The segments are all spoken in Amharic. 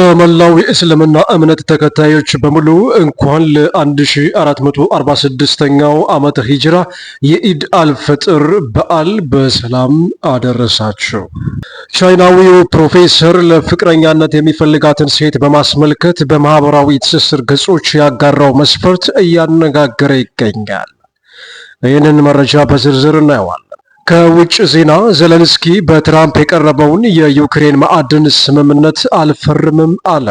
ለመላው የእስልምና እምነት ተከታዮች በሙሉ እንኳን ለ1446ኛው ዓመተ ሂጅራ የኢድ አልፈጥር በዓል በሰላም አደረሳችሁ። ቻይናዊው ፕሮፌሰር ለፍቅረኛነት የሚፈልጋትን ሴት በማስመልከት በማህበራዊ ትስስር ገጾች ያጋራው መስፈርት እያነጋገረ ይገኛል። ይህንን መረጃ በዝርዝር እናየዋለን። ከውጭ ዜና ዘለንስኪ በትራምፕ የቀረበውን የዩክሬን ማዕድን ስምምነት አልፈርምም አለ።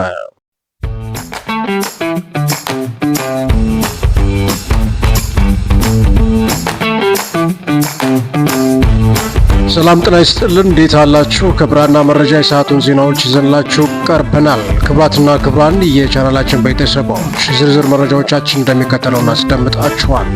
ሰላም ጤና ይስጥልን። እንዴት አላችሁ? ክብራና መረጃ የሰዓቱን ዜናዎች ይዘንላችሁ ቀርበናል። ክብራትና ክብራን የቻናላችን ቤተሰቦች ዝርዝር መረጃዎቻችን እንደሚከተለው እናስደምጣችኋል።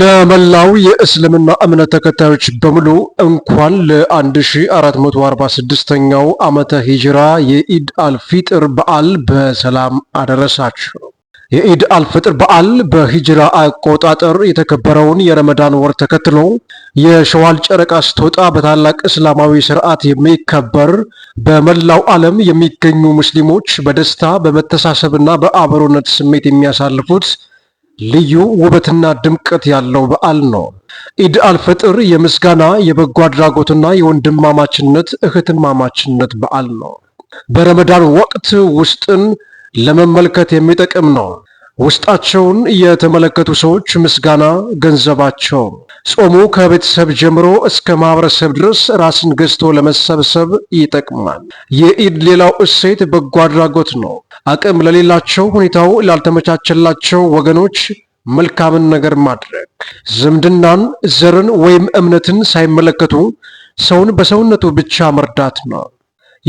ለመላው የእስልምና እምነት ተከታዮች በሙሉ እንኳን ለ1446ኛው ዓመተ ሂጅራ የኢድ አልፊጥር በዓል በሰላም አደረሳችሁ። የኢድ አልፍጥር በዓል በሂጅራ አቆጣጠር የተከበረውን የረመዳን ወር ተከትሎ የሸዋል ጨረቃ ስትወጣ በታላቅ እስላማዊ ስርዓት የሚከበር በመላው ዓለም የሚገኙ ሙስሊሞች በደስታ በመተሳሰብና በአብሮነት ስሜት የሚያሳልፉት ልዩ ውበትና ድምቀት ያለው በዓል ነው። ኢድ አልፈጥር የምስጋና የበጎ አድራጎትና የወንድማማችነት እህትማማችነት በዓል ነው። በረመዳን ወቅት ውስጥን ለመመልከት የሚጠቅም ነው። ውስጣቸውን የተመለከቱ ሰዎች ምስጋና ገንዘባቸው። ጾሙ ከቤተሰብ ጀምሮ እስከ ማህበረሰብ ድረስ ራስን ገዝቶ ለመሰብሰብ ይጠቅማል። የኢድ ሌላው እሴት በጎ አድራጎት ነው። አቅም ለሌላቸው ሁኔታው ላልተመቻቸላቸው ወገኖች መልካምን ነገር ማድረግ፣ ዝምድናን፣ ዘርን ወይም እምነትን ሳይመለከቱ ሰውን በሰውነቱ ብቻ መርዳት ነው።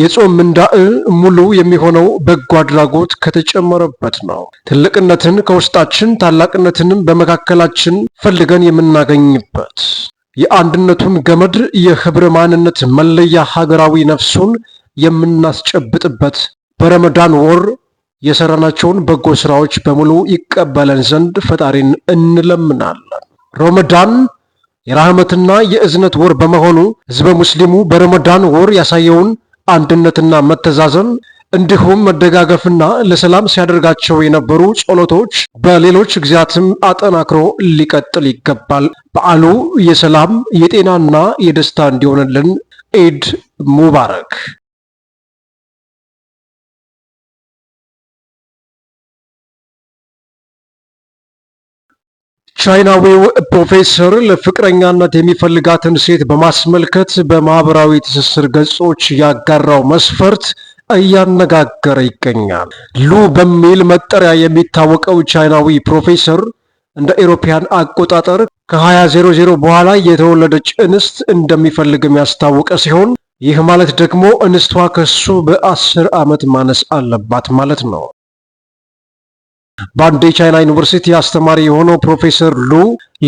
የጾም ምንዳእ ሙሉ የሚሆነው በጎ አድራጎት ከተጨመረበት ነው። ትልቅነትን ከውስጣችን ታላቅነትንም በመካከላችን ፈልገን የምናገኝበት የአንድነቱን ገመድ የህብረ ማንነት መለያ ሀገራዊ ነፍሱን የምናስጨብጥበት በረመዳን ወር የሰራናቸውን በጎ ስራዎች በሙሉ ይቀበለን ዘንድ ፈጣሪን እንለምናለን። ረመዳን የራህመትና የእዝነት ወር በመሆኑ ህዝበ ሙስሊሙ በረመዳን ወር ያሳየውን አንድነትና መተዛዘን እንዲሁም መደጋገፍና ለሰላም ሲያደርጋቸው የነበሩ ጸሎቶች በሌሎች ጊዜያትም አጠናክሮ ሊቀጥል ይገባል። በዓሉ የሰላም የጤናና የደስታ እንዲሆንልን ኢድ ሙባረክ። ቻይናዊው ፕሮፌሰር ለፍቅረኛነት የሚፈልጋትን ሴት በማስመልከት በማህበራዊ ትስስር ገጾች ያጋራው መስፈርት እያነጋገረ ይገኛል። ሉ በሚል መጠሪያ የሚታወቀው ቻይናዊ ፕሮፌሰር እንደ ኤሮፓያን አቆጣጠር ከ2000 በኋላ የተወለደች እንስት እንደሚፈልግም ያስታወቀ ሲሆን ይህ ማለት ደግሞ እንስቷ ከሱ በአስር ዓመት ማነስ አለባት ማለት ነው። በአንድ የቻይና ዩኒቨርሲቲ አስተማሪ የሆነው ፕሮፌሰር ሉ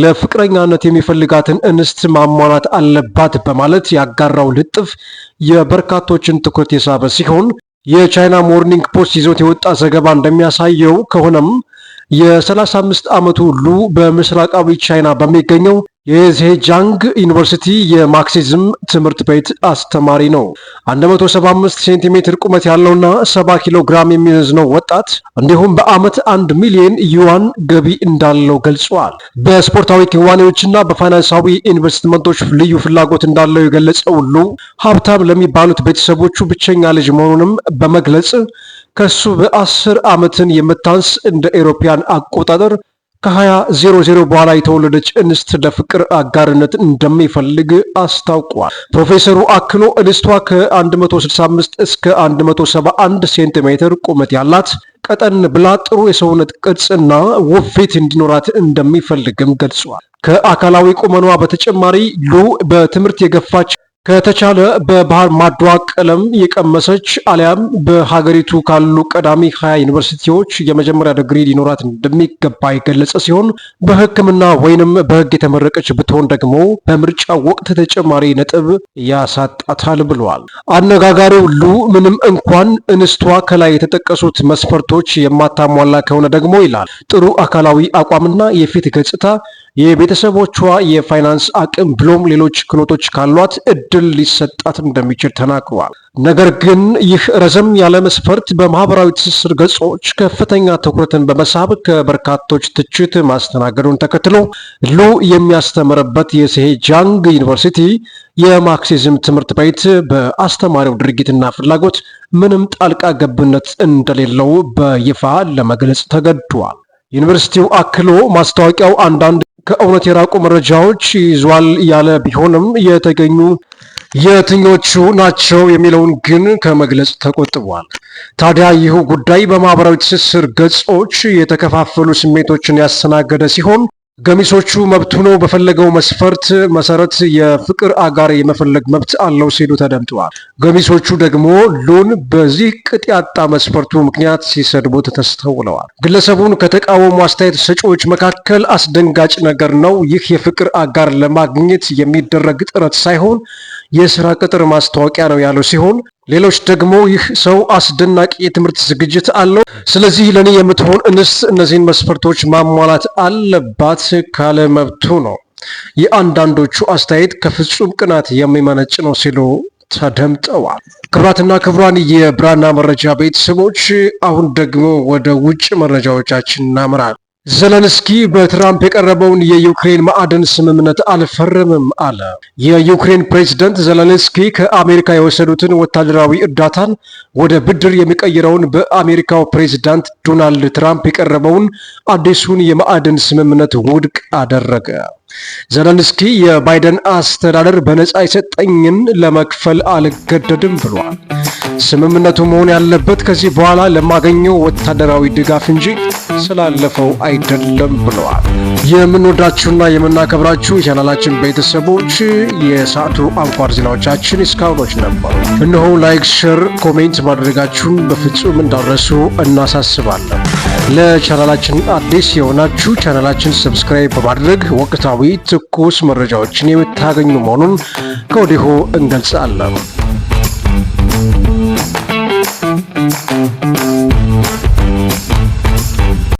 ለፍቅረኛነት የሚፈልጋትን እንስት ማሟላት አለባት በማለት ያጋራው ልጥፍ የበርካቶችን ትኩረት የሳበ ሲሆን የቻይና ሞርኒንግ ፖስት ይዞት የወጣ ዘገባ እንደሚያሳየው ከሆነም የ35 ዓመቱ ሉ በምስራቃዊ ቻይና በሚገኘው የዜጃንግ ዩኒቨርሲቲ የማርክሲዝም ትምህርት ቤት አስተማሪ ነው። 175 ሴንቲሜትር ቁመት ያለውና 70 ኪሎ ግራም የሚመዝነው ወጣት እንዲሁም በዓመት 1 ሚሊዮን ዩዋን ገቢ እንዳለው ገልጿል። በስፖርታዊ ክዋኔዎችና በፋይናንሳዊ ኢንቨስትመንቶች ልዩ ፍላጎት እንዳለው የገለጸው ሁሉ ሀብታም ለሚባሉት ቤተሰቦቹ ብቸኛ ልጅ መሆኑንም በመግለጽ ከሱ በአስር ዓመትን የምታንስ እንደ ኤሮፓያን አቆጣጠር ከ2000 በኋላ የተወለደች እንስት ለፍቅር አጋርነት እንደሚፈልግ አስታውቋል። ፕሮፌሰሩ አክሎ እንስቷ ከ165 እስከ 171 ሴንቲሜትር ቁመት ያላት ቀጠን ብላ ጥሩ የሰውነት ቅርጽና ውፊት እንዲኖራት እንደሚፈልግም ገልጿል። ከአካላዊ ቁመኗ በተጨማሪ ሉ በትምህርት የገፋች ከተቻለ በባህር ማዷ ቀለም የቀመሰች አሊያም በሀገሪቱ ካሉ ቀዳሚ ሀያ ዩኒቨርሲቲዎች የመጀመሪያ ዲግሪ ሊኖራት እንደሚገባ የገለጸ ሲሆን በሕክምና ወይንም በሕግ የተመረቀች ብትሆን ደግሞ በምርጫ ወቅት ተጨማሪ ነጥብ ያሳጣታል ብለዋል። አነጋጋሪው ሉ ምንም እንኳን እንስቷ ከላይ የተጠቀሱት መስፈርቶች የማታሟላ ከሆነ ደግሞ ይላል ጥሩ አካላዊ አቋምና የፊት ገጽታ የቤተሰቦቿ የፋይናንስ አቅም ብሎም ሌሎች ክህሎቶች ካሏት እድል ሊሰጣት እንደሚችል ተናግሯል። ነገር ግን ይህ ረዘም ያለ መስፈርት በማህበራዊ ትስስር ገጾች ከፍተኛ ትኩረትን በመሳብ ከበርካቶች ትችት ማስተናገዱን ተከትሎ ሉ የሚያስተምርበት ጃንግ ዩኒቨርሲቲ የማርክሲዝም ትምህርት ቤት በአስተማሪው ድርጊትና ፍላጎት ምንም ጣልቃ ገብነት እንደሌለው በይፋ ለመግለጽ ተገዷል። ዩኒቨርሲቲው አክሎ ማስታወቂያው አንዳንድ ከእውነት የራቁ መረጃዎች ይዟል እያለ ቢሆንም የተገኙ የትኞቹ ናቸው የሚለውን ግን ከመግለጽ ተቆጥቧል። ታዲያ ይህ ጉዳይ በማህበራዊ ትስስር ገጾች የተከፋፈሉ ስሜቶችን ያስተናገደ ሲሆን ገሚሶቹ መብቱ ነው። በፈለገው መስፈርት መሰረት የፍቅር አጋር የመፈለግ መብት አለው ሲሉ ተደምጠዋል። ገሚሶቹ ደግሞ ሉን በዚህ ቅጥ ያጣ መስፈርቱ ምክንያት ሲሰድቡ ተስተውለዋል። ግለሰቡን ከተቃወሙ አስተያየት ሰጪዎች መካከል አስደንጋጭ ነገር ነው፣ ይህ የፍቅር አጋር ለማግኘት የሚደረግ ጥረት ሳይሆን የስራ ቅጥር ማስታወቂያ ነው ያለው ሲሆን ሌሎች ደግሞ ይህ ሰው አስደናቂ የትምህርት ዝግጅት አለው፣ ስለዚህ ለእኔ የምትሆን እንስት እነዚህን መስፈርቶች ማሟላት አለባት ካለ መብቱ ነው። የአንዳንዶቹ አስተያየት ከፍጹም ቅናት የሚመነጭ ነው ሲሉ ተደምጠዋል። ክብራትና ክብሯን የብራና መረጃ ቤተሰቦች፣ አሁን ደግሞ ወደ ውጭ መረጃዎቻችን እናምራል። ዘለንስኪ በትራምፕ የቀረበውን የዩክሬን ማዕድን ስምምነት አልፈርምም አለ። የዩክሬን ፕሬዝደንት ዘለንስኪ ከአሜሪካ የወሰዱትን ወታደራዊ እርዳታን ወደ ብድር የሚቀይረውን በአሜሪካው ፕሬዝዳንት ዶናልድ ትራምፕ የቀረበውን አዲሱን የማዕድን ስምምነት ውድቅ አደረገ። ዘለንስኪ የባይደን አስተዳደር በነፃ የሰጠኝን ለመክፈል አልገደድም ብሏል። ስምምነቱ መሆን ያለበት ከዚህ በኋላ ለማገኘው ወታደራዊ ድጋፍ እንጂ ስላለፈው አይደለም ብለዋል። የምንወዳችሁና የምናከብራችሁ የቻናላችን ቤተሰቦች የሰዓቱ አንኳር ዜናዎቻችን እስካሁኖች ነበሩ። እነሆ ላይክ፣ ሸር፣ ኮሜንት ማድረጋችሁን በፍጹም እንዳረሱ እናሳስባለን። ለቻናላችን አዲስ የሆናችሁ ቻናላችን ሰብስክራይብ በማድረግ ወቅታዊ ትኩስ መረጃዎችን የምታገኙ መሆኑን ከወዲሁ እንገልጻለን።